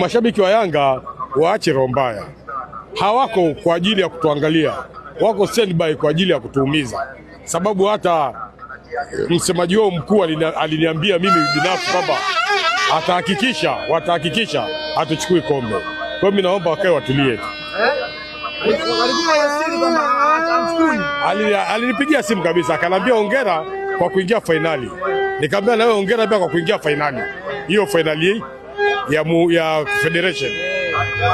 mashabiki wa Yanga waache roho mbaya, hawako kwa ajili ya kutuangalia, wako standby kwa ajili ya kutuumiza, sababu hata msemaji wao mkuu aliniambia mimi binafsi kwamba atahakikisha watahakikisha hatuchukui kombe. Kwa hiyo mimi naomba wakae watulie tu. Alinipigia simu kabisa akaniambia hongera kwa kuingia fainali, nikamwambia wewe hongera pia kwa kuingia fainali hiyo fainali ya, mu, ya federation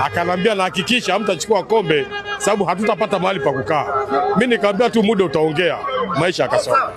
akanambia nahakikisha hamtachukua kombe sababu hatutapata mahali pa kukaa. Mi nikaambia tu muda utaongea, maisha akasoma.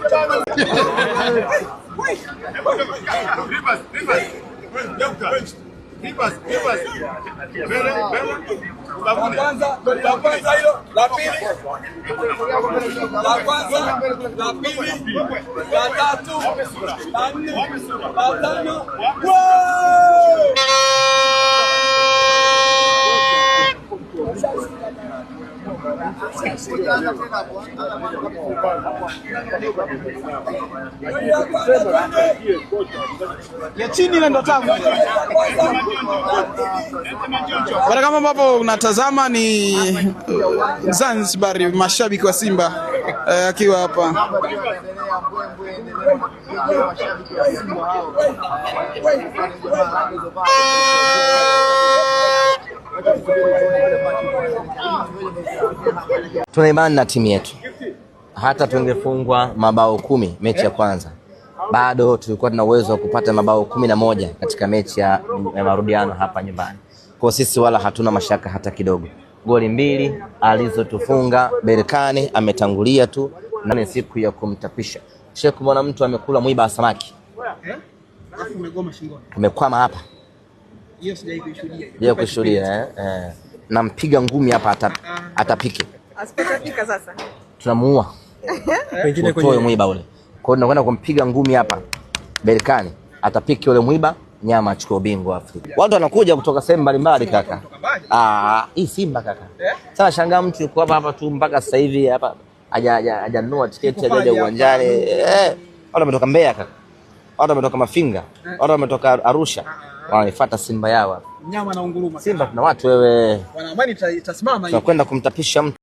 ya chini ile ndo tamu Kama ambapo unatazama ni Zanzibar, mashabiki wa Simba eh, akiwa hapa Tuna imani na timu yetu, hata tungefungwa mabao kumi mechi ya kwanza bado tulikuwa tuna uwezo wa kupata mabao kumi na moja katika mechi ya marudiano hapa nyumbani. Kwa sisi wala hatuna mashaka hata kidogo. Goli mbili alizotufunga Berkane ametangulia tu, na siku ya kumtapisha Sheikh. kumwona mtu amekula mwiba wa samaki, eh? umekwama hapa hiyo sijai kushuhudia. Je, kushuhudia eh? Eh. Nampiga ngumi hapa atap, ah. atapike. Asipotapika sasa. Tunamuua. Eh? Pengine kwenye yule mwiba ule. Kwa hiyo tunakwenda kumpiga ngumi hapa Berkane. Atapike ule mwiba nyama achukue ubingwa Afrika. Watu wanakuja kutoka sehemu mbalimbali kaka. Ah, hii Simba kaka. Eh? Sasa shangaa mtu yuko hapa hapa tu mpaka sasa hivi hapa hajanunua tiketi hajaja uwanjani. Eh, watu wametoka Mbeya kaka. Watu wametoka Mafinga. Eh. Watu wametoka Arusha. Ah, ah wanaifuata ah, Simba yao. Nyama na unguruma. Simba tuna watu wewe. Wana amani itasimama hivi. Tutakwenda kumtapisha mtu.